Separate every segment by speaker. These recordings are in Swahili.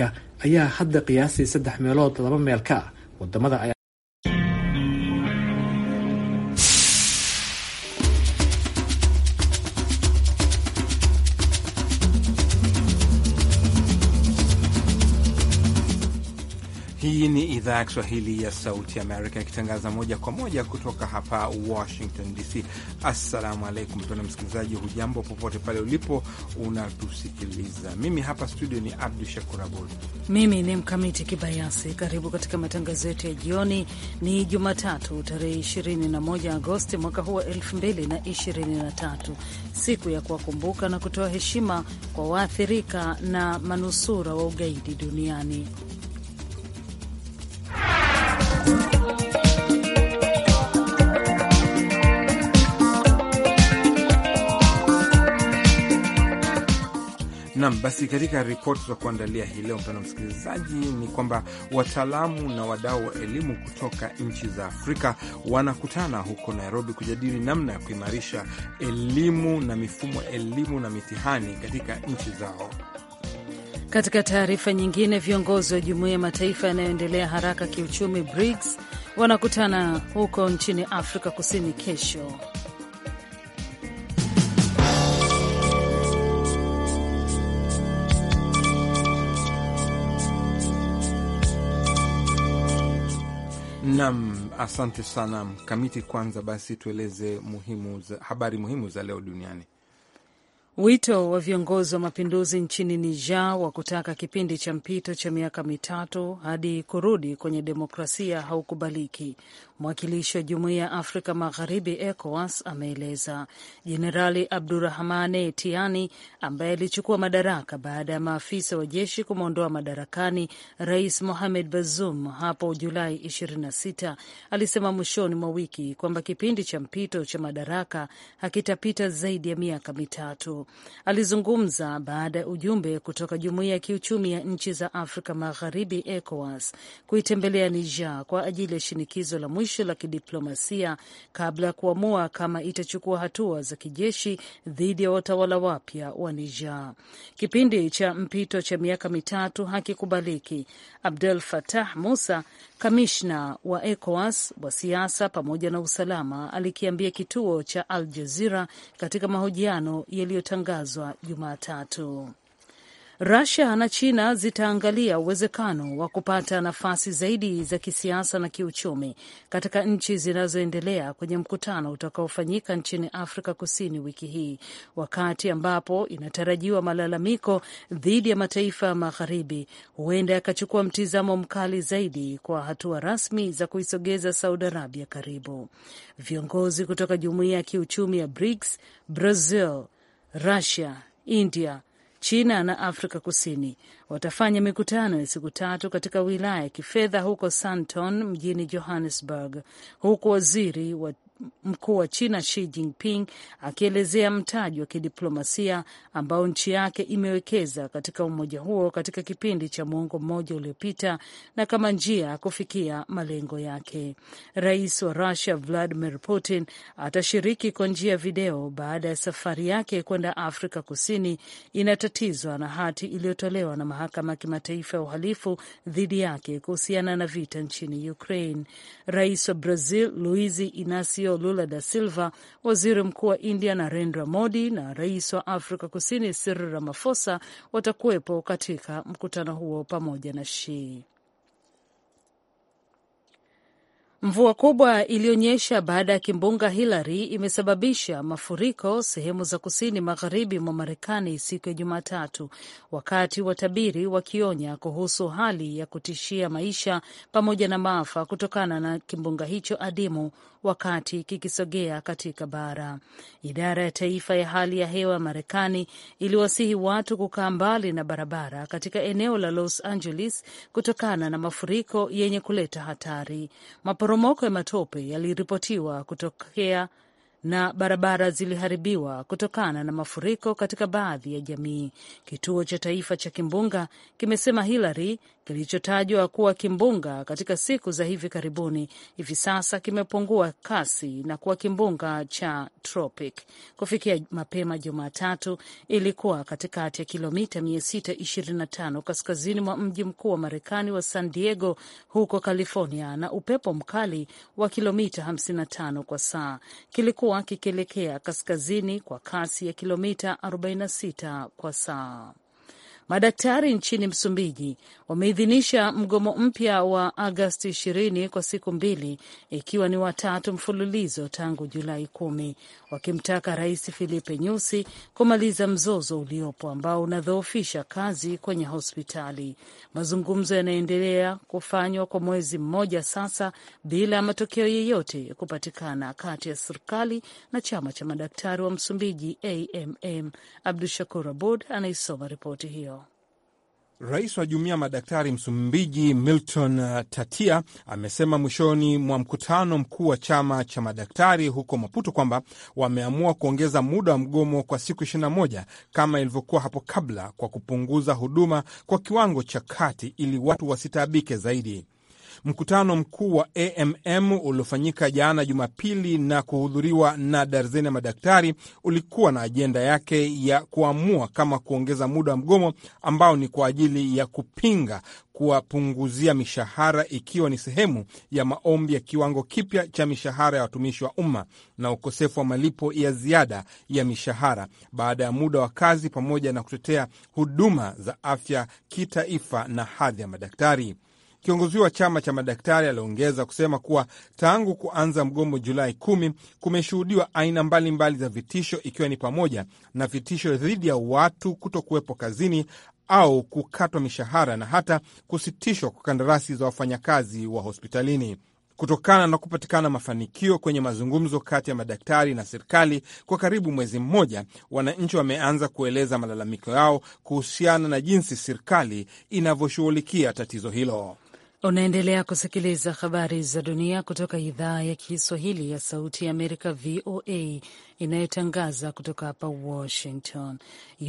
Speaker 1: ayaa hadda qiyaastii saddex meelood laba meel ka ah wadamada
Speaker 2: idhaa ya Kiswahili ya Sauti Amerika ikitangaza moja kwa moja kutoka hapa Washington DC. Assalamu alaikum tena msikilizaji, hujambo popote pale ulipo unatusikiliza. Mimi hapa studio ni Abdu Shakur Abud,
Speaker 3: mimi ni Mkamiti Kibayasi. Karibu katika matangazo yetu ya jioni. Ni Jumatatu tarehe 21 Agosti mwaka huu wa 2023, siku ya kuwakumbuka na kutoa heshima kwa waathirika na manusura wa ugaidi duniani.
Speaker 2: Nam, basi katika ripoti za kuandalia hii leo, mpendwa msikilizaji, ni kwamba wataalamu na wadau wa elimu kutoka nchi za Afrika wanakutana huko Nairobi kujadili namna ya kuimarisha elimu na mifumo ya elimu na mitihani katika nchi zao.
Speaker 3: Katika taarifa nyingine, viongozi wa jumuiya ya mataifa yanayoendelea haraka kiuchumi BRICS wanakutana huko nchini Afrika Kusini kesho.
Speaker 2: Nam, asante sana Mkamiti. Kwanza basi tueleze muhimu za, habari muhimu za leo duniani.
Speaker 3: Wito wa viongozi wa mapinduzi nchini Niger wa kutaka kipindi cha mpito cha miaka mitatu hadi kurudi kwenye demokrasia haukubaliki, Mwakilishi wa Jumuiya ya Afrika Magharibi ECOWAS ameeleza Jenerali Abdurahmane Tiani ambaye alichukua madaraka baada ya maafisa wa jeshi kumwondoa madarakani Rais Mohamed Bazoum hapo Julai 26 alisema mwishoni mwa wiki kwamba kipindi cha mpito cha madaraka hakitapita zaidi ya miaka mitatu. Alizungumza baada ya ujumbe kutoka Jumuiya ya Kiuchumi ya Nchi za Afrika Magharibi ECOWAS kuitembelea Niger kwa ajili ya shinikizo la mwisho suluhisho la kidiplomasia kabla ya kuamua kama itachukua hatua za kijeshi dhidi ya watawala wapya wa Niger. Kipindi cha mpito cha miaka mitatu hakikubaliki. Abdel Fattah Musa, kamishna wa ECOWAS wa siasa pamoja na usalama, alikiambia kituo cha Al Jazeera katika mahojiano yaliyotangazwa Jumatatu rasia na China zitaangalia uwezekano wa kupata nafasi zaidi za kisiasa na kiuchumi katika nchi zinazoendelea kwenye mkutano utakaofanyika nchini Afrika Kusini wiki hii, wakati ambapo inatarajiwa malalamiko dhidi ya mataifa ya magharibi huenda yakachukua mtizamo mkali zaidi kwa hatua rasmi za kuisogeza Saudi Arabia karibu. Viongozi kutoka jumuiya ya kiuchumi ya BRICS, Brazil, Russia, India China na Afrika Kusini watafanya mikutano ya siku tatu katika wilaya ya kifedha huko Sandton mjini Johannesburg, huku waziri wa mkuu wa China Xi Jinping akielezea mtaji wa kidiplomasia ambao nchi yake imewekeza katika umoja huo katika kipindi cha mwongo mmoja uliopita na kama njia ya kufikia malengo yake. Rais wa Russia Vladimir Putin atashiriki kwa njia ya video baada ya safari yake kwenda Afrika Kusini inatatizwa na hati iliyotolewa na mahakama ya kimataifa ya uhalifu dhidi yake kuhusiana na vita nchini Ukraine. Rais wa Brazil Luiz Inacio Joao Lula da Silva, waziri mkuu wa India Narendra Modi na rais wa Afrika Kusini Cyril Ramaphosa watakuwepo katika mkutano huo pamoja na Xi. Mvua kubwa iliyonyesha baada ya kimbunga Hilary imesababisha mafuriko sehemu za kusini magharibi mwa Marekani siku ya Jumatatu, wakati watabiri wakionya kuhusu hali ya kutishia maisha pamoja na maafa kutokana na kimbunga hicho adimu, wakati kikisogea katika bara. Idara ya Taifa ya Hali ya Hewa ya Marekani iliwasihi watu kukaa mbali na barabara katika eneo la Los Angeles kutokana na mafuriko yenye kuleta hatari. Maporomoko ya matope yaliripotiwa kutokea na barabara ziliharibiwa kutokana na mafuriko katika baadhi ya jamii. Kituo cha taifa cha kimbunga kimesema Hillary kilichotajwa kuwa kimbunga katika siku za hivi karibuni, hivi sasa kimepungua kasi na kuwa kimbunga cha tropic. Kufikia mapema Jumatatu, ilikuwa katikati ya kilomita 625 kaskazini mwa mji mkuu wa Marekani wa San Diego huko California, na upepo mkali wa kilomita 55 kwa saa. Kilikuwa kikielekea kaskazini kwa kasi ya kilomita 46 kwa saa. Madaktari nchini Msumbiji wameidhinisha mgomo mpya wa Agasti 20 kwa siku mbili, ikiwa ni watatu mfululizo tangu Julai kumi, wakimtaka Rais Filipe Nyusi kumaliza mzozo uliopo ambao unadhoofisha kazi kwenye hospitali. Mazungumzo yanaendelea kufanywa kwa mwezi mmoja sasa bila ya matokeo yeyote kupatikana kati ya serikali na chama cha madaktari wa Msumbiji, AMM. Abdu Shakur Abud anaisoma ripoti hiyo.
Speaker 2: Rais wa jumuiya madaktari Msumbiji Milton uh, Tatia amesema mwishoni mwa mkutano mkuu wa chama cha madaktari huko Maputo kwamba wameamua kuongeza muda wa mgomo kwa siku 21 kama ilivyokuwa hapo kabla, kwa kupunguza huduma kwa kiwango cha kati ili watu wasitaabike zaidi. Mkutano mkuu wa AMM uliofanyika jana Jumapili na kuhudhuriwa na darzeni ya madaktari ulikuwa na ajenda yake ya kuamua kama kuongeza muda wa mgomo ambao ni kwa ajili ya kupinga kuwapunguzia mishahara ikiwa ni sehemu ya maombi ya kiwango kipya cha mishahara ya watumishi wa umma na ukosefu wa malipo ya ziada ya mishahara baada ya muda wa kazi pamoja na kutetea huduma za afya kitaifa na hadhi ya madaktari. Kiongozi wa chama cha madaktari aliongeza kusema kuwa tangu kuanza mgomo Julai kumi kumeshuhudiwa aina mbalimbali za vitisho, ikiwa ni pamoja na vitisho dhidi ya watu kuto kuwepo kazini au kukatwa mishahara na hata kusitishwa kwa kandarasi za wafanyakazi wa hospitalini. Kutokana na kupatikana mafanikio kwenye mazungumzo kati ya madaktari na serikali kwa karibu mwezi mmoja, wananchi wameanza kueleza malalamiko yao kuhusiana na jinsi serikali inavyoshughulikia tatizo hilo.
Speaker 3: Unaendelea kusikiliza habari za dunia kutoka idhaa ya Kiswahili ya Sauti ya Amerika, VOA, inayotangaza kutoka hapa Washington.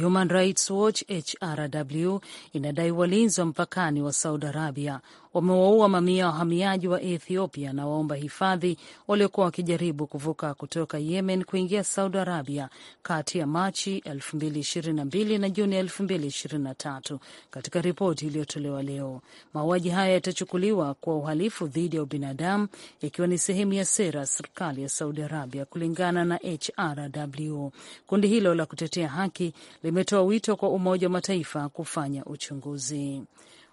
Speaker 3: Human Rights Watch HRW inadai walinzi wa mpakani wa Saudi Arabia wamewaua mamia wahamiaji wa Ethiopia na waomba hifadhi waliokuwa wakijaribu kuvuka kutoka Yemen kuingia Saudi Arabia kati ya Machi 2022 na Juni 2023, katika ripoti iliyotolewa leo. Mauaji haya yatachukuliwa kwa uhalifu dhidi ya ubinadamu, ikiwa ni sehemu ya sera ya serikali ya Saudi Arabia, kulingana na HR RW. Kundi hilo la kutetea haki limetoa wito kwa Umoja wa Mataifa kufanya uchunguzi.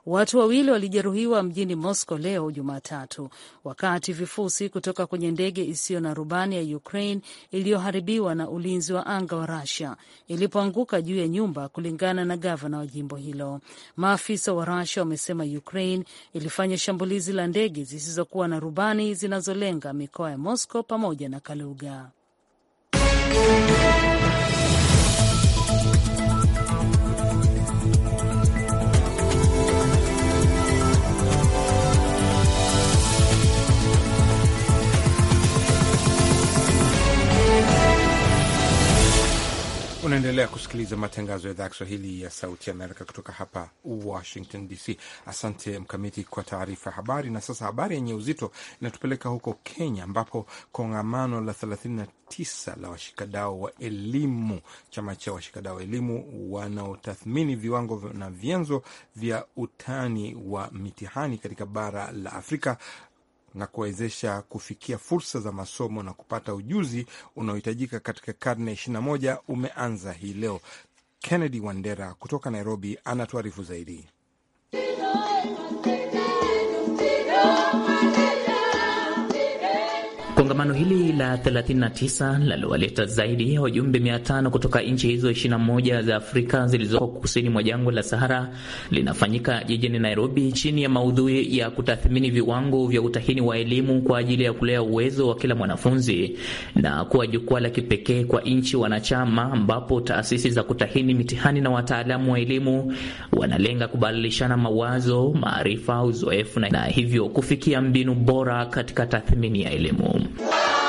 Speaker 3: Watu wawili walijeruhiwa mjini Moscow leo Jumatatu wakati vifusi kutoka kwenye ndege isiyo na rubani ya Ukraine iliyoharibiwa na ulinzi wa anga wa Russia ilipoanguka juu ya nyumba, kulingana na gavana wa jimbo hilo. Maafisa wa Russia wamesema Ukraine ilifanya shambulizi la ndege zisizokuwa na rubani zinazolenga mikoa ya Moscow pamoja na Kaluga.
Speaker 2: Unaendelea kusikiliza matangazo ya idhaa ya Kiswahili ya Sauti ya Amerika kutoka hapa Washington DC. Asante Mkamiti kwa taarifa ya habari. Na sasa habari yenye uzito inatupeleka huko Kenya, ambapo kongamano la 39 la washikadao wa elimu, chama cha washikadao wa elimu wanaotathmini viwango na vyanzo vya utani wa mitihani katika bara la Afrika na kuwawezesha kufikia fursa za masomo na kupata ujuzi unaohitajika katika karne 21 umeanza hii leo. Kennedy Wandera kutoka Nairobi anatuarifu zaidi.
Speaker 4: Kongamano hili la 39 laliwaleta zaidi ya wajumbe 500 kutoka nchi hizo 21 za Afrika zilizoko kusini mwa jangwa la Sahara linafanyika jijini Nairobi chini ya maudhui ya kutathmini viwango vya utahini wa elimu kwa ajili ya kulea uwezo wa kila mwanafunzi na kuwa jukwaa la kipekee kwa nchi wanachama, ambapo taasisi za kutahini mitihani na wataalamu wa elimu wanalenga kubadilishana mawazo, maarifa, uzoefu na hivyo kufikia mbinu bora katika tathmini ya elimu. Wow.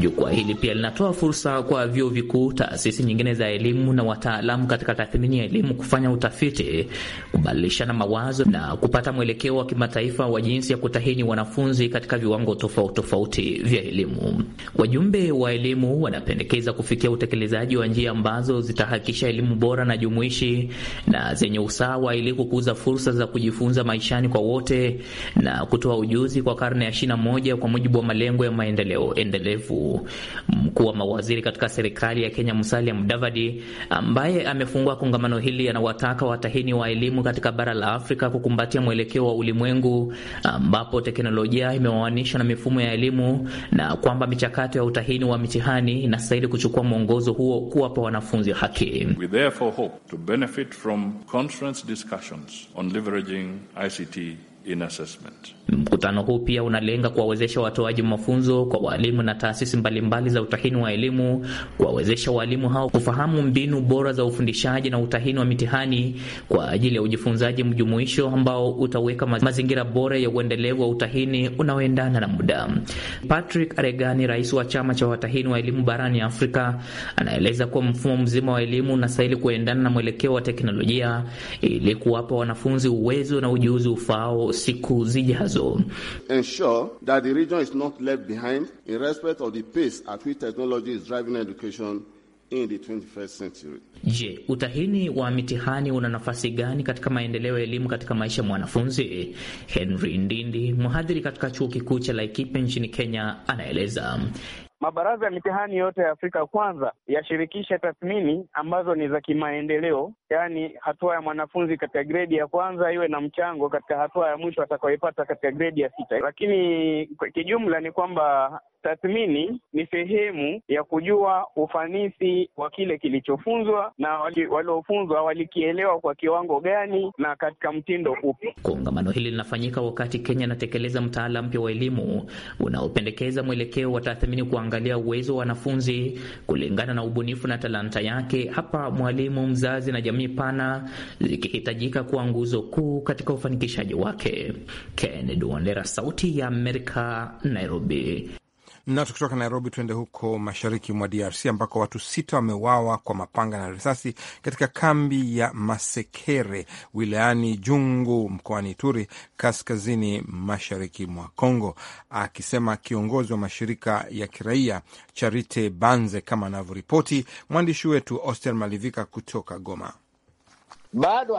Speaker 4: Jukwaa hili pia linatoa fursa kwa vyuo vikuu, taasisi nyingine za elimu na wataalamu katika tathmini ya elimu kufanya utafiti, kubadilishana mawazo na kupata mwelekeo wa kimataifa wa jinsi ya kutahini wanafunzi katika viwango tofauti tofauti vya elimu. Wajumbe wa elimu wanapendekeza kufikia utekelezaji wa njia ambazo zitahakikisha elimu bora na jumuishi na zenye usawa ili kukuza fursa za kujifunza maishani kwa wote na kutoa ujuzi kwa karne ya 21 kwa mujibu wa malengo ya maendeleo endelevu. Mkuu wa mawaziri katika serikali ya Kenya Musalia Mudavadi, ambaye amefungua kongamano hili, anawataka watahini wa elimu katika bara la Afrika kukumbatia mwelekeo wa ulimwengu ambapo teknolojia imewaanisha na mifumo ya elimu na kwamba michakato ya utahini wa mitihani inastahili kuchukua mwongozo huo kuwapa wanafunzi haki. We
Speaker 5: therefore hope to benefit from conference discussions on leveraging ICT
Speaker 4: in assessment. Mkutano huu pia unalenga kuwawezesha watoaji mafunzo kwa walimu na taasisi mbalimbali za utahini wa elimu, kuwawezesha walimu hao kufahamu mbinu bora za ufundishaji na utahini wa mitihani kwa ajili ya ujifunzaji mjumuisho ambao utaweka mazingira bora ya uendelevu wa utahini unaoendana na muda. Patrick Aregani, rais wa chama cha watahini wa elimu barani Afrika, anaeleza kuwa mfumo mzima wa elimu unastahili kuendana na mwelekeo wa teknolojia ili kuwapa wanafunzi uwezo na ujuzi ufaao siku zijazo. Je, utahini wa mitihani una nafasi gani katika maendeleo ya elimu katika maisha ya mwanafunzi? Henry Ndindi, mhadhiri katika chuo kikuu cha Laikipe nchini Kenya, anaeleza.
Speaker 6: Mabaraza ya mitihani yote ya Afrika kwanza yashirikishe tathmini ambazo ni za kimaendeleo, yaani hatua ya mwanafunzi katika gredi ya kwanza iwe na mchango katika hatua ya mwisho atakayoipata katika gredi ya sita. Lakini kijumla ni kwamba Tathmini ni sehemu ya kujua ufanisi wa kile kilichofunzwa na waliofunzwa walikielewa kwa kiwango gani na katika mtindo upi.
Speaker 4: Kongamano hili linafanyika wakati Kenya inatekeleza mtaala mpya wa elimu unaopendekeza mwelekeo wa tathmini kuangalia uwezo wa wanafunzi kulingana na ubunifu na talanta yake, hapa mwalimu, mzazi na jamii pana zikihitajika kuwa nguzo kuu katika ufanikishaji wake. Kennedy Wandera, Sauti ya Amerika, Nairobi. Na
Speaker 2: tukitoka Nairobi tuende huko mashariki mwa DRC ambako watu sita wameuawa kwa mapanga na risasi katika kambi ya Masekere wilayani Jungu mkoani Ituri, kaskazini mashariki mwa Kongo, akisema kiongozi wa mashirika ya kiraia Charite Banze, kama anavyoripoti mwandishi wetu Oster Malivika kutoka Goma.
Speaker 7: Bado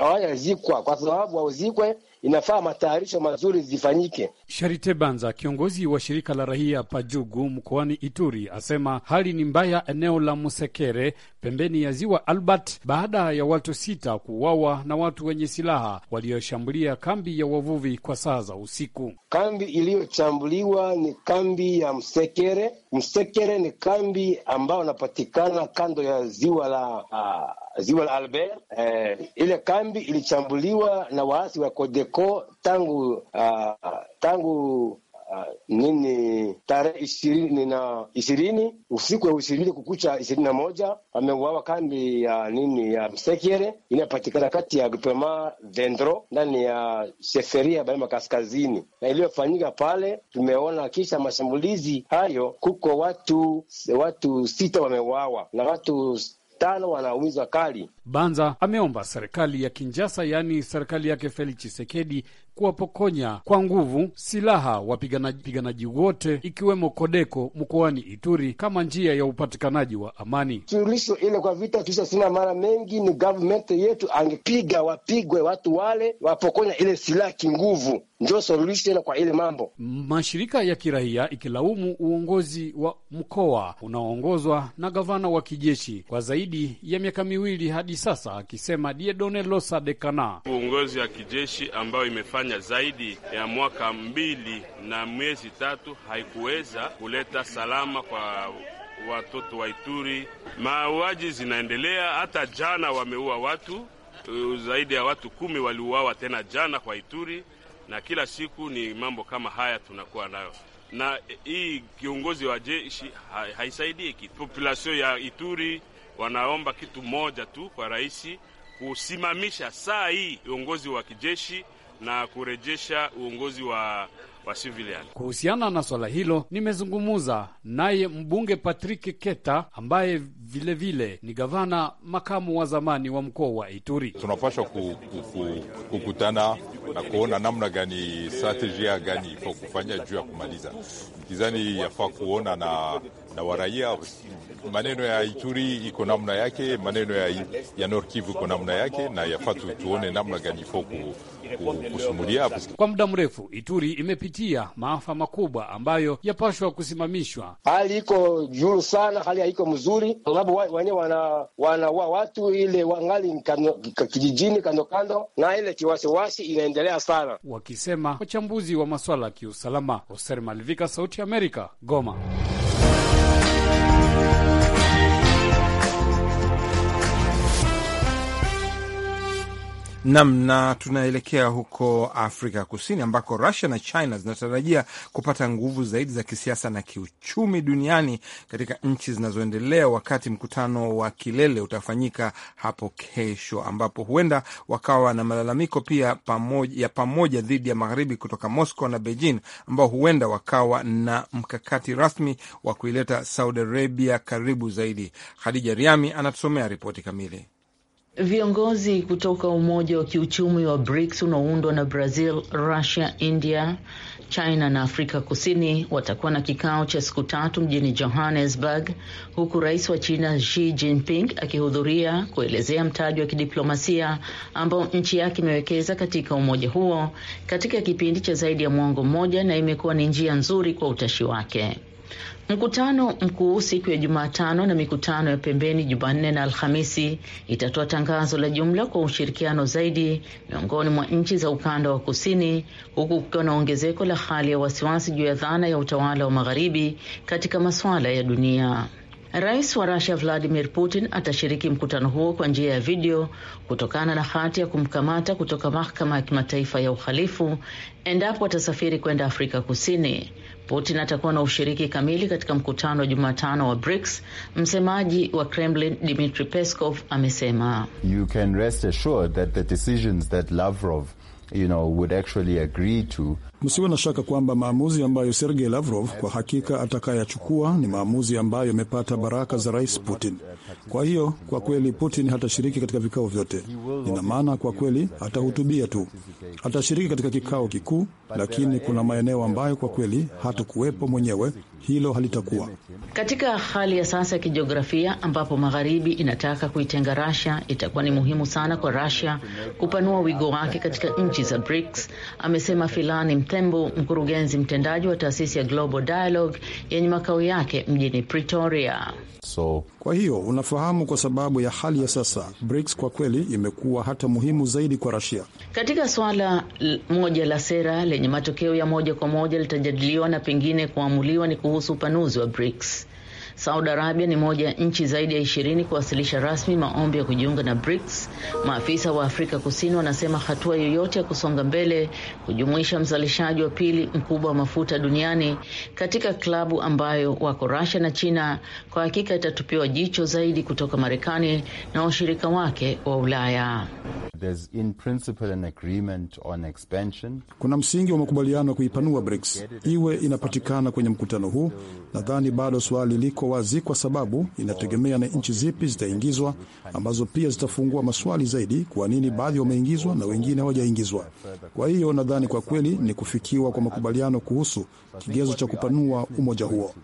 Speaker 7: hawayazikwa kwa sababu hauzikwe inafaa matayarisho mazuri zifanyike.
Speaker 5: Sharite Banza, kiongozi wa shirika la rahia Pajugu mkoani Ituri, asema hali ni mbaya eneo la Musekere pembeni ya ziwa Albert baada ya watu sita kuuawa na watu wenye silaha walioshambulia kambi ya wavuvi kwa saa za usiku.
Speaker 7: Kambi iliyoshambuliwa ni kambi ya Msekere. Msekere ni kambi ambayo inapatikana kando ya ziwa la, uh, ziwa la Albert. Eh, ile kambi ilichambuliwa na waasi wa Kodeko Ko tangu uh, tangu Uh, nini tarehe ishirini na ishirini usiku ya ishirini kukucha ishirini na moja ameuawa kambi ya nini ya Msekere inayopatikana kati ya gupema Vendro ndani ya sheferia Barima kaskazini, na iliyofanyika pale tumeona kisha mashambulizi hayo, kuko watu watu sita wameuawa na watu tano wanaumizwa kali.
Speaker 5: Banza ameomba serikali ya Kinjasa, yaani serikali yake Felix Chisekedi, kuwapokonya kwa nguvu silaha wapiganaji wote ikiwemo Kodeko mkoani Ituri kama njia ya upatikanaji wa amani.
Speaker 7: Suluhisho ile kwa vita tulishasema mara mengi ni gavumenti yetu angepiga, wapigwe watu wale, wapokonya ile silaha kinguvu ndio suluhisho tena kwa ile mambo.
Speaker 5: Mashirika ya kiraia ikilaumu uongozi wa mkoa unaoongozwa na gavana wa kijeshi kwa zaidi ya miaka miwili hadi sasa, akisema Diedone Losa Dekana,
Speaker 6: uongozi wa kijeshi ambayo imefanya zaidi ya mwaka mbili na miezi tatu haikuweza kuleta salama kwa watoto wa Ituri. Mauaji zinaendelea, hata jana wameua watu zaidi ya watu kumi waliuawa tena jana kwa Ituri na kila siku ni mambo kama haya tunakuwa nayo, na hii kiongozi wa jeshi ha, haisaidii kitu. populasion ya Ituri wanaomba kitu moja tu kwa rais, kusimamisha saa hii uongozi wa kijeshi na kurejesha uongozi wa wa civilian.
Speaker 5: Kuhusiana na swala hilo, nimezungumza naye mbunge Patrick Keta ambaye vilevile vile ni gavana
Speaker 2: makamu wa zamani wa mkoa wa Ituri. Tunapaswa kukutana na kuona namna gani, strategia gani ifaa kufanya juu ya kumaliza mkizani, yafaa kuona na na waraia. Maneno ya Ituri iko namna yake, maneno ya, ya Norkivu iko namna yake, na yafatu tuone namna gani fo
Speaker 5: kusumulia. Kwa muda mrefu Ituri imepitia maafa makubwa ambayo yapashwa kusimamishwa.
Speaker 7: Hali iko juu sana, hali haiko mzuri sababu wenyewe wana, wana wa watu ile wangali kijijini kando kando, na ile kiwasiwasi inaendelea sana,
Speaker 5: wakisema wachambuzi wa maswala ya kiusalama. Hoser Malivika, Sauti ya Amerika, Goma.
Speaker 2: Nam, na tunaelekea huko Afrika Kusini ambako Rusia na China zinatarajia kupata nguvu zaidi za kisiasa na kiuchumi duniani katika nchi zinazoendelea, wakati mkutano wa kilele utafanyika hapo kesho, ambapo huenda wakawa na malalamiko pia pamoja, ya pamoja dhidi ya magharibi kutoka Moscow na Beijing, ambao huenda wakawa na mkakati rasmi wa kuileta Saudi Arabia karibu zaidi. Khadija Riami anatusomea ripoti kamili.
Speaker 8: Viongozi kutoka umoja wa kiuchumi wa BRICS unaoundwa na Brazil, Russia, India, China na Afrika Kusini watakuwa na kikao cha siku tatu mjini Johannesburg, huku rais wa China Xi Jinping akihudhuria kuelezea mtaji wa kidiplomasia ambao nchi yake imewekeza katika umoja huo katika kipindi cha zaidi ya mwongo mmoja, na imekuwa ni njia nzuri kwa utashi wake. Mkutano mkuu siku ya Jumatano na mikutano ya pembeni Jumanne na Alhamisi itatoa tangazo la jumla kwa ushirikiano zaidi miongoni mwa nchi za ukanda wa kusini, huku kukiwa na ongezeko la hali ya wasiwasi juu ya dhana ya utawala wa magharibi katika masuala ya dunia. Rais wa Rusia Vladimir Putin atashiriki mkutano huo kwa njia ya video kutokana na hati ya kumkamata kutoka mahakama ya kimataifa ya uhalifu endapo atasafiri kwenda Afrika Kusini. Putin atakuwa na ushiriki kamili katika mkutano wa Jumatano wa BRICS. Msemaji wa Kremlin dmitri Peskov amesema
Speaker 9: you can rest assured that the decisions that Lavrov you know would actually agree to Msiwe na shaka kwamba
Speaker 2: maamuzi ambayo Sergei Lavrov kwa hakika atakayachukua ni maamuzi ambayo yamepata baraka za Rais Putin. Kwa hiyo kwa kweli Putin hatashiriki katika vikao vyote. Ina maana kwa kweli atahutubia tu. Atashiriki katika kikao kikuu, lakini kuna maeneo ambayo kwa kweli hatakuwepo mwenyewe. Hilo halitakuwa
Speaker 8: katika hali ya sasa ya kijiografia ambapo magharibi inataka kuitenga Rasia. Itakuwa ni muhimu sana kwa rasia kupanua wigo wake katika nchi za BRICS, amesema Filani Mapembu, mkurugenzi mtendaji wa taasisi ya Global Dialogue yenye makao yake mjini Pretoria.
Speaker 2: So, kwa hiyo unafahamu, kwa sababu ya hali ya sasa BRICS kwa kweli imekuwa hata muhimu zaidi kwa Russia.
Speaker 8: Katika suala moja la sera lenye matokeo ya moja kwa moja litajadiliwa na pengine kuamuliwa ni kuhusu upanuzi wa BRICS. Saudi Arabia ni moja ya nchi zaidi ya ishirini kuwasilisha rasmi maombi ya kujiunga na BRICS. Maafisa wa Afrika Kusini wanasema hatua yoyote ya kusonga mbele kujumuisha mzalishaji wa pili mkubwa wa mafuta duniani katika klabu ambayo wako Russia na China kwa hakika itatupiwa jicho zaidi kutoka Marekani na washirika wake wa Ulaya.
Speaker 2: In principle an agreement on expansion. Kuna msingi wa makubaliano ya kuipanua BRICS iwe inapatikana kwenye mkutano huu. Nadhani bado swali liko wazi, kwa sababu inategemea na nchi zipi zitaingizwa, ambazo pia zitafungua maswali zaidi, kwa nini baadhi wameingizwa na wengine hawajaingizwa. Kwa hiyo nadhani kwa kweli ni kufikiwa kwa makubaliano kuhusu kigezo cha kupanua umoja huo.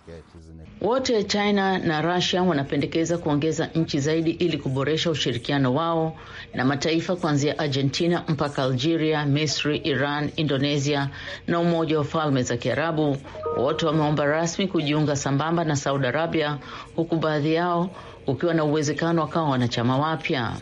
Speaker 8: Wote China na Russia wanapendekeza kuongeza nchi zaidi ili kuboresha ushirikiano wao na mataifa kuanzia Argentina mpaka Algeria, Misri, Iran, Indonesia na Umoja wa Falme za Kiarabu. Wote wameomba rasmi kujiunga sambamba na Saudi Arabia, huku baadhi yao ukiwa na uwezekano wakawa wanachama wapya.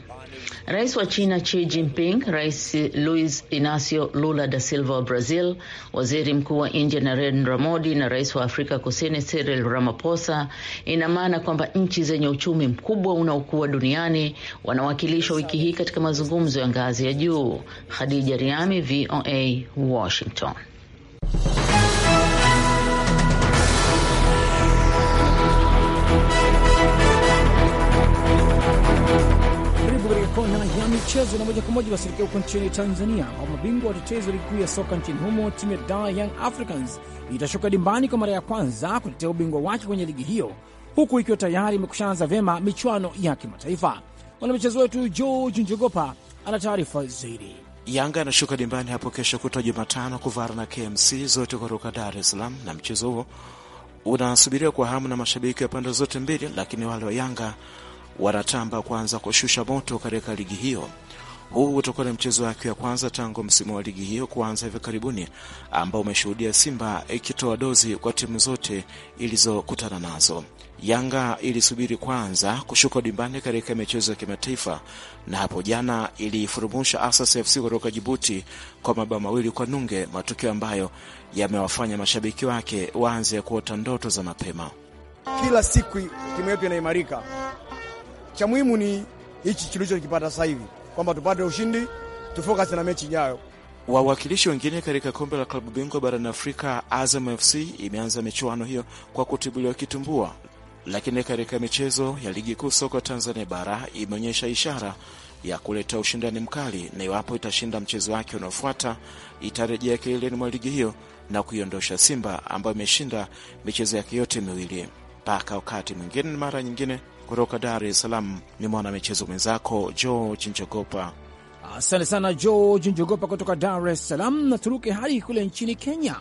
Speaker 8: Rais wa China Xi Jinping, Rais Luis Inacio Lula da Silva wa Brazil, Waziri Mkuu wa India Narendra Modi na Rais wa Afrika Kusini Cyril Ramaphosa, ina maana kwamba nchi zenye uchumi mkubwa unaokuwa duniani wanawakilishwa wiki hii katika mazungumzo ya ngazi ya juu. Khadija Riami, VOA, Washington.
Speaker 1: kona ya michezo na moja kwa moja wasilekea huko nchini Tanzania, ambapo mabingwa watetezi wa ligi kuu ya soka nchini humo timu ya Dar Young Africans itashuka dimbani kwa mara ya kwanza kutetea ubingwa wake kwenye ligi hiyo, huku ikiwa tayari imekushaanza vyema michuano ya kimataifa. Mwanamichezo wetu George Njogopa ana taarifa zaidi.
Speaker 10: Yanga anashuka dimbani hapo kesho kutwa Jumatano kuvara na KMC zote kutoka Dar es Salaam, na mchezo huo unasubiriwa kwa hamu na mashabiki ya pande zote mbili, lakini wale wa Yanga wanatamba kuanza kushusha moto katika ligi hiyo. Huu utakuwa ni mchezo wake wa kwanza tangu msimu wa ligi hiyo kuanza hivi karibuni, ambao umeshuhudia Simba ikitoa dozi kwa timu zote ilizokutana nazo. Yanga ilisubiri kwanza kushuka dimbani katika michezo ya kimataifa, na hapo jana iliifurumusha Asas FC kutoka Jibuti kwa mabao mawili kwa nunge, matukio ambayo yamewafanya mashabiki wake waanze kuota ndoto za mapema.
Speaker 6: Kila siku timu yetu inaimarika cha muhimu ni hichi tulichokipata sasa hivi, kwamba tupate ushindi, tufocus na mechi ijayo.
Speaker 10: Wawakilishi wengine katika kombe la klabu bingwa barani Afrika, Azam FC imeanza michuano hiyo kwa kutibuliwa kitumbua, lakini katika michezo ya ligi kuu soka Tanzania bara imeonyesha ishara ya kuleta ushindani mkali, na iwapo itashinda mchezo wake unaofuata itarejea kileleni mwa ligi hiyo na kuiondosha Simba ambayo imeshinda michezo yake yote miwili. Mpaka wakati mwingine, mara nyingine. Kutoka Dar es Salaam ni mwanamichezo mwenzako George Njogopa.
Speaker 1: Asante sana George Njogopa kutoka Dar es Salaam. Na turuke hadi kule nchini Kenya.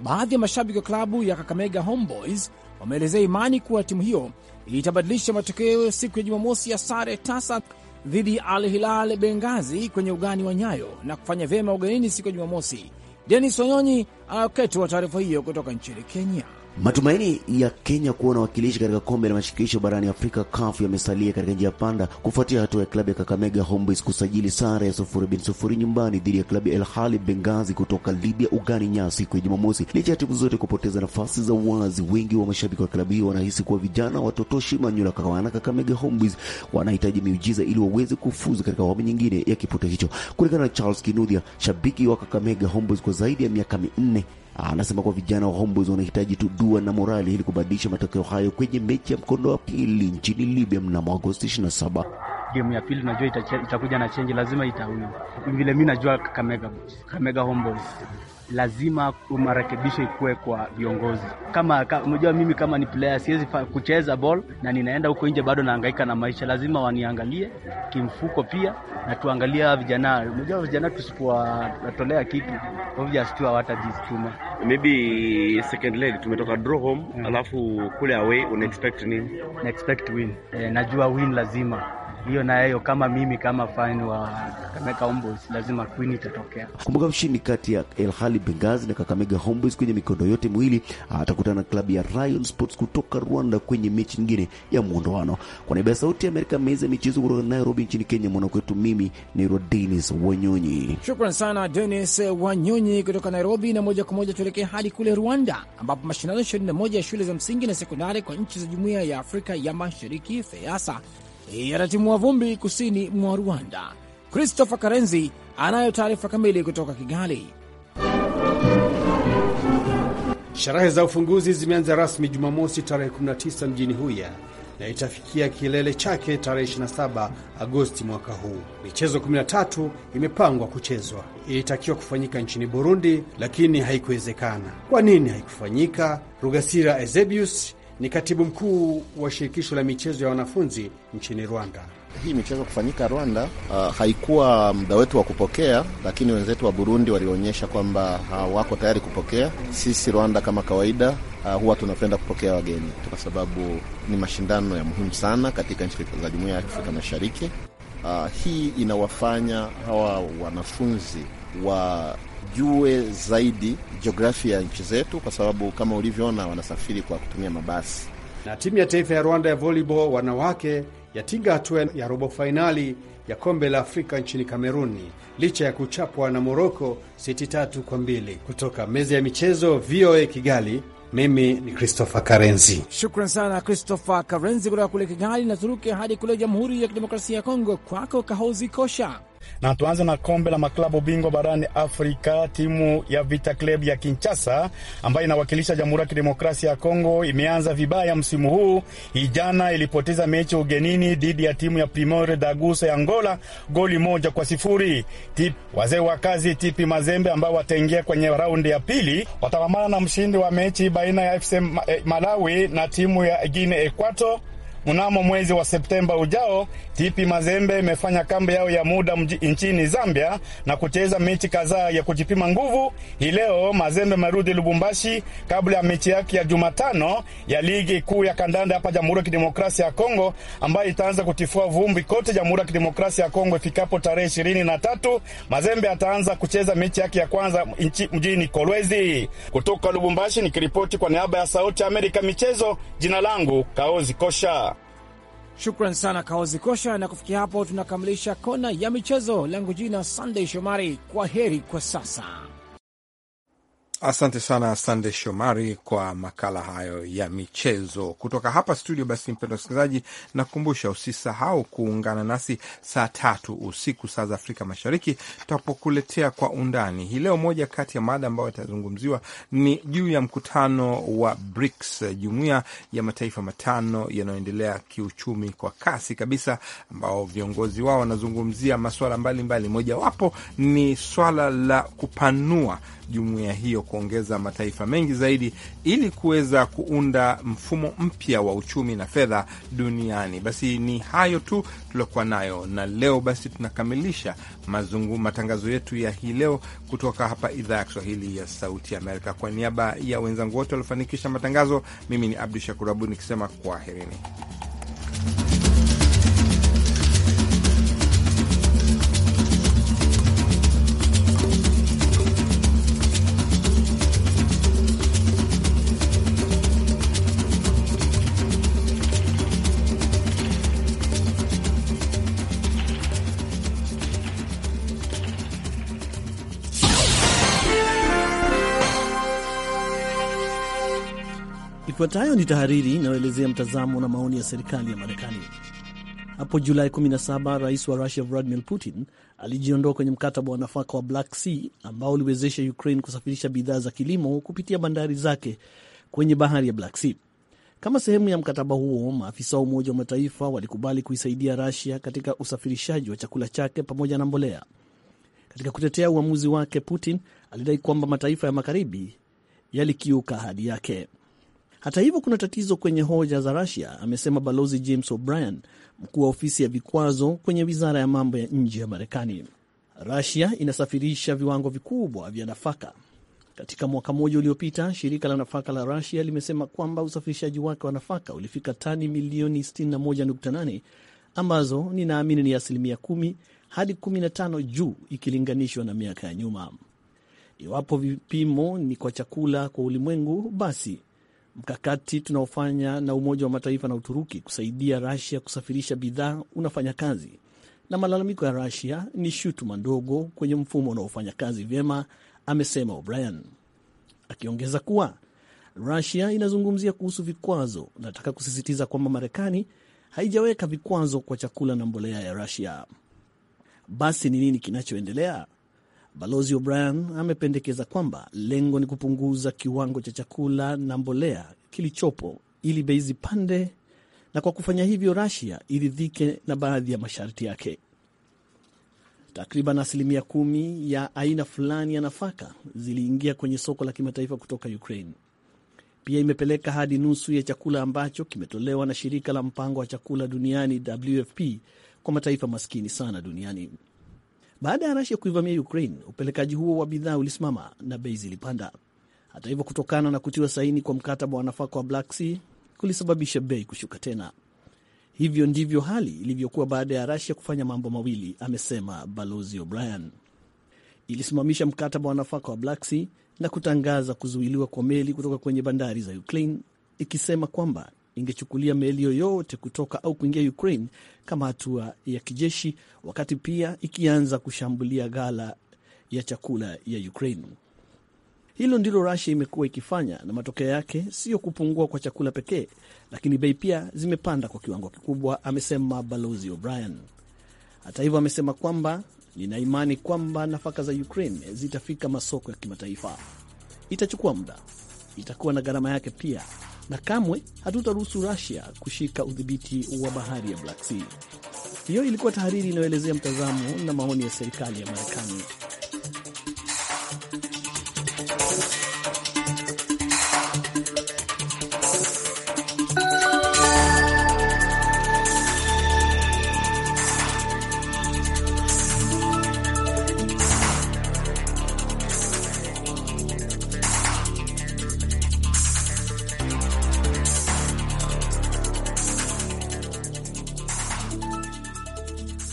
Speaker 1: Baadhi ya mashabiki wa klabu ya Kakamega Homeboys wameelezea imani kuwa timu hiyo itabadilisha matokeo siku ya Jumamosi ya sare tasa dhidi ya Al Hilal Bengazi kwenye ugani wa Nyayo na kufanya vyema ugenini siku ya Jumamosi. Denis Wanyonyi anayoketu uh, wa taarifa hiyo kutoka nchini Kenya. Matumaini ya
Speaker 9: Kenya kuwa na wakilishi katika kombe la mashirikisho barani Afrika CAF yamesalia katika njia panda kufuatia hatua ya klabu ya Kakamega Homeboys kusajili sare ya sufuri bin sufuri nyumbani dhidi ya klabu ya El Hali Benghazi kutoka Libya Uganda siku ya Jumamosi. Licha ya timu zote kupoteza nafasi za wazi, wengi wa mashabiki wa klabu hiyo wanahisi kuwa vijana watotoshi Manyula Kawana Kakamega Homeboys wanahitaji miujiza ili waweze kufuzu katika awamu nyingine ya kiputo hicho. Kulingana na Charles kinudhia shabiki wa Kakamega Homeboys kwa zaidi ya miaka minne Ah, anasema kuwa vijana wa Homeboyz wanahitaji tu dua na morali ili kubadilisha matokeo hayo kwenye mechi ya mkondo wa pili nchini Libya mnamo Agosti 27.
Speaker 7: Gemu ya pili najua itakuja na chenji, lazima itauni vile. Mi najua Kamega Kamega Homeboyz lazima marekebisho ikuwe kwa viongozi. Kama unajua, mimi kama ni player siwezi kucheza ball na ninaenda huko nje, bado naangaika na maisha, lazima waniangalie kimfuko pia, na tuangalia vijana. Unajua, vijana tusipowatolea kitu
Speaker 9: obvious tu hawatajituma. Maybe second leg tumetoka draw home, mm. alafu kule away una expect nini?
Speaker 7: Na expect win. E, najua win lazima hiyo nayo kama mimi kama fan wa Kakamega Homeboys lazima queen itatokea.
Speaker 9: Kumbuka mshindi kati ya El Hali Benghazi na Kakamega Homeboys kwenye mikondo yote miwili atakutana na klabu ya Rayon Sports kutoka Rwanda kwenye mechi nyingine ya muondoano. Kwa niaba ya Sauti ya Amerika, meza ya michezo kutoka Nairobi nchini Kenya, mwanakwetu mimi naitwa Dennis Wanyonyi.
Speaker 1: Shukran sana Dennis Wanyonyi kutoka Nairobi, na moja kwa moja tuelekee hadi kule Rwanda ambapo mashindano 21 ya shule za msingi na sekondari kwa nchi za Jumuiya ya Afrika ya Mashariki FEASA yanatimua vumbi kusini mwa Rwanda. Christopher Karenzi anayo taarifa kamili kutoka Kigali.
Speaker 5: Sherehe za ufunguzi zimeanza rasmi Jumamosi tarehe 19 mjini Huya na itafikia kilele chake tarehe 27 Agosti mwaka huu. Michezo 13 imepangwa kuchezwa, ilitakiwa kufanyika nchini Burundi lakini haikuwezekana. Kwa nini haikufanyika? Rugasira Ezebius ni katibu mkuu wa shirikisho la michezo ya wanafunzi nchini Rwanda. Hii michezo
Speaker 11: kufanyika Rwanda uh, haikuwa muda wetu wa kupokea, lakini wenzetu wa Burundi walionyesha kwamba hawako uh, tayari kupokea. Sisi Rwanda kama kawaida uh, huwa tunapenda kupokea wageni kwa sababu ni mashindano ya muhimu sana katika nchi za jumuiya ya Afrika Mashariki. Uh, hii inawafanya hawa wanafunzi wa wajue zaidi jiografia ya nchi zetu, kwa sababu kama ulivyoona wanasafiri kwa kutumia mabasi.
Speaker 5: Na timu ya taifa ya Rwanda ya volleyball wanawake yatinga hatua ya robo fainali ya kombe la Afrika nchini Kameruni licha ya kuchapwa na Moroko seti tatu kwa mbili. Kutoka meza ya michezo VOA Kigali, mimi ni Christopher Karenzi.
Speaker 1: Shukran sana Christopher Karenzi kutoka kule Kigali. Na turuke hadi kule Jamhuri ya Kidemokrasia ya Kongo,
Speaker 6: kwako Kahozi Kosha. Na tuanze na kombe la maklabu bingwa barani Afrika. Timu ya Vita Club ya Kinshasa ambayo inawakilisha Jamhuri ya Kidemokrasia ya Kongo imeanza vibaya msimu huu. Jana ilipoteza mechi ugenini dhidi ya timu ya Primor Dagusa ya Angola goli moja kwa sifuri. Wazee wa kazi Tipi Mazembe ambao wataingia kwenye raundi ya pili watapambana na mshindi wa mechi baina ya FC eh, Malawi na timu ya guine Equato Mnamo mwezi wa Septemba ujao, tp Mazembe imefanya kambi yao ya muda nchini Zambia na kucheza mechi kadhaa ya kujipima nguvu. Hii leo Mazembe amerudi Lubumbashi kabla ya mechi yake ya Jumatano ya ligi kuu ya kandanda hapa Jamhuri ya Kidemokrasia ya Kongo, ambayo itaanza kutifua vumbi kote Jamhuri ya Kidemokrasia ya Kongo ifikapo tarehe ishirini na tatu. Mazembe ataanza kucheza mechi yake ya kwanza mjini Kolwezi. Kutoka Lubumbashi nikiripoti kwa niaba ya Sauti ya Amerika michezo, jina langu Kaozi Kosha.
Speaker 1: Shukran sana Kaozi Kosha, na kufikia hapo tunakamilisha kona ya michezo. Langu jina Sunday Shomari, kwa heri kwa sasa.
Speaker 2: Asante sana Sande Shomari kwa makala hayo ya michezo kutoka hapa studio. Basi mpendwa msikilizaji, nakumbusha usisahau kuungana nasi saa tatu usiku saa za Afrika Mashariki tutapokuletea kwa undani hii leo. Moja kati ya mada ambayo itazungumziwa ni juu ya mkutano wa BRICS, jumuiya ya mataifa matano yanayoendelea kiuchumi kwa kasi kabisa, ambao viongozi wao wanazungumzia masuala mbalimbali, mojawapo ni swala la kupanua jumuiya hiyo kuongeza mataifa mengi zaidi ili kuweza kuunda mfumo mpya wa uchumi na fedha duniani. Basi ni hayo tu tuliokuwa nayo na leo. Basi tunakamilisha mazungu, matangazo yetu ya hii leo kutoka hapa idhaa ya Kiswahili ya Sauti Amerika. Kwa niaba ya wenzangu wote waliofanikisha matangazo, mimi ni Abdu Shakur Abud nikisema kwaherini.
Speaker 11: Ifuatayo ni tahariri inayoelezea mtazamo na maoni ya serikali ya Marekani. Hapo Julai 17 rais wa Rusia Vladimir Putin alijiondoa kwenye mkataba wa nafaka wa Black Sea ambao uliwezesha Ukraine kusafirisha bidhaa za kilimo kupitia bandari zake kwenye bahari ya Black Sea. Kama sehemu ya mkataba huo, maafisa wa Umoja wa Mataifa walikubali kuisaidia Rusia katika usafirishaji wa chakula chake pamoja na mbolea. Katika kutetea uamuzi wake, Putin alidai kwamba mataifa ya magharibi yalikiuka ahadi yake. Hata hivyo kuna tatizo kwenye hoja za Russia, amesema Balozi James O'Brien, mkuu wa ofisi ya vikwazo kwenye wizara ya mambo ya nje ya Marekani. rasia inasafirisha viwango vikubwa vya nafaka. Katika mwaka mmoja uliopita, shirika la nafaka la rasia limesema kwamba usafirishaji wake wa nafaka ulifika tani milioni 61.8 ambazo ninaamini ni asilimia 10 hadi 15 juu ikilinganishwa na miaka ya nyuma. Iwapo vipimo ni kwa chakula kwa ulimwengu, basi mkakati tunaofanya na Umoja wa Mataifa na Uturuki kusaidia Rasia kusafirisha bidhaa unafanya kazi, na malalamiko ya Rasia ni shutuma ndogo kwenye mfumo unaofanya kazi vyema, amesema O'Brien, akiongeza kuwa Rasia inazungumzia kuhusu vikwazo. Nataka kusisitiza kwamba Marekani haijaweka vikwazo kwa chakula na mbolea ya Rasia. Basi ni nini kinachoendelea? Balozi O'Brien amependekeza kwamba lengo ni kupunguza kiwango cha chakula na mbolea kilichopo ili bei zipande, na kwa kufanya hivyo Russia iridhike na baadhi ya masharti yake. Takriban asilimia kumi ya aina fulani ya nafaka ziliingia kwenye soko la kimataifa kutoka Ukraine. Pia imepeleka hadi nusu ya chakula ambacho kimetolewa na shirika la mpango wa chakula duniani WFP kwa mataifa maskini sana duniani. Baada ya Rasia kuivamia Ukraine, upelekaji huo wa bidhaa ulisimama na bei zilipanda. Hata hivyo, kutokana na kutiwa saini kwa mkataba wa nafaka wa Black Sea kulisababisha bei kushuka tena. Hivyo ndivyo hali ilivyokuwa baada ya rasia kufanya mambo mawili, amesema Balozi O'Brien. Ilisimamisha mkataba wa nafaka wa Black Sea na kutangaza kuzuiliwa kwa meli kutoka kwenye bandari za Ukraine, ikisema kwamba ingechukulia meli yoyote kutoka au kuingia Ukraine kama hatua ya kijeshi, wakati pia ikianza kushambulia ghala ya chakula ya Ukraine. Hilo ndilo Russia imekuwa ikifanya, na matokeo yake sio kupungua kwa chakula pekee, lakini bei pia zimepanda kwa kiwango kikubwa, amesema Balozi O'Brien. Hata hivyo, amesema kwamba nina imani kwamba nafaka za Ukraine zitafika masoko ya kimataifa. Itachukua muda, itakuwa na gharama yake pia, na kamwe hatutaruhusu Russia kushika udhibiti wa bahari ya Black Sea. Hiyo ilikuwa tahariri inayoelezea mtazamo na maoni ya serikali ya Marekani.